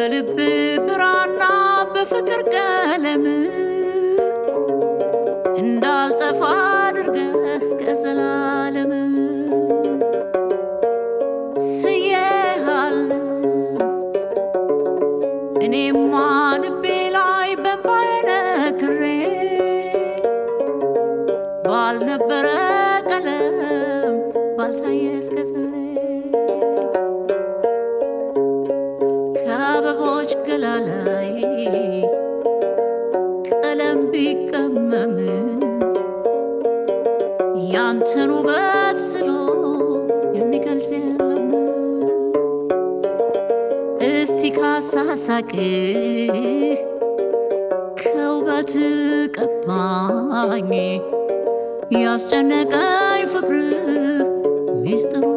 በልብ ብራና በፍቅር ቀለም እንዳልጠፋ አድርገ እስከ ዘላለም ስየሃል እኔማ ልቤ ላይ በእንባዬ ክሬ ባልነበረ ቀለም ባልታየ እስከ ያንተን ውበት ስሎ የሚገልጽ የለም። እስቲ ካሳሳቅ ከውበት ቀባኝ ያስጨነቀኝ ፍቅር ሚስጥሩ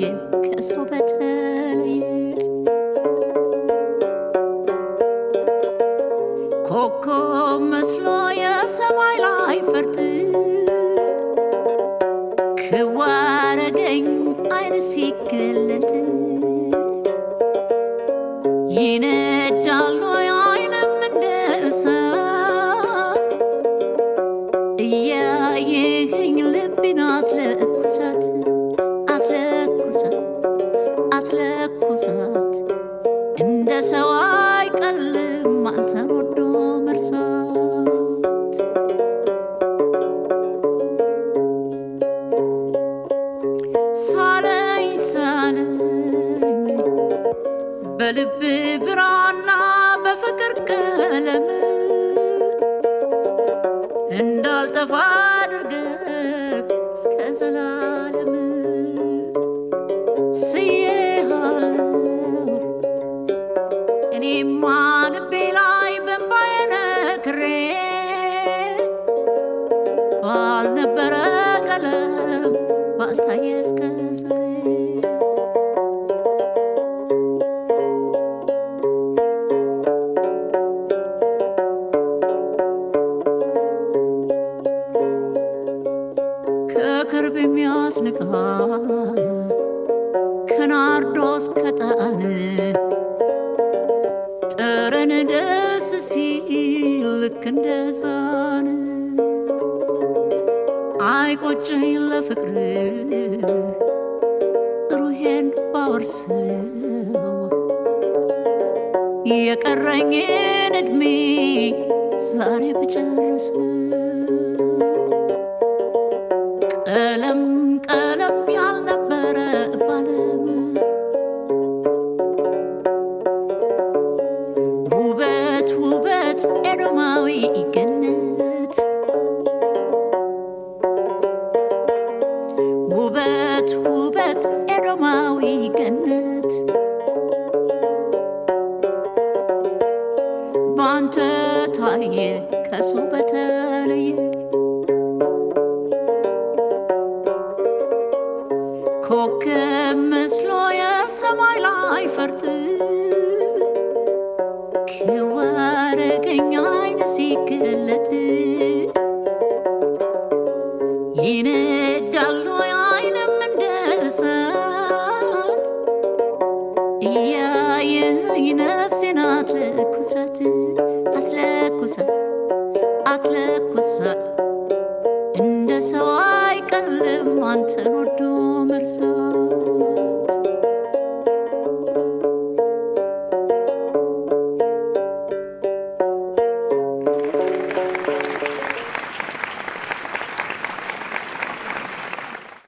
ይን ከሰው በተለየ ኮከብ መስሎ የሰማይ ላይ ፈርጥ ክዋረገኝ አይን ሲገለጥ ይነዳሉ አይንም እንደ እሳት እያየኸኝ ልቤን አትለኩሳት መውሳት እንደ ሰው አይቀልም አንተን ወዶ መርሳት። ሳለኝ ሳለኝ በልብ ብራና በፍቅር ቀለም እንዳልጠፋ አድርገህ እስከ ዘላ እኔማ ልቤ ላይ በእምባዬ ነክሬ ባልነበረ ቀለም ባልታየ እስከ ከክርብ የሚያስንቃ ከናርዶስ ከጣን ሲያምረን ደስ ሲል ልክ እንደ ሕፃን አይቆጭኝ ለፍቅር ሩሄን ባወርሰው የቀረኝን እድሜ ዛሬ ብጨርሰው ቀለም ቀለም ባየ ከሱ በተለየ ኮከብ መስሎ የሰማይ ላይ ፈርጥ ክዋረገኛ አይነ ሲገለጥ አንተን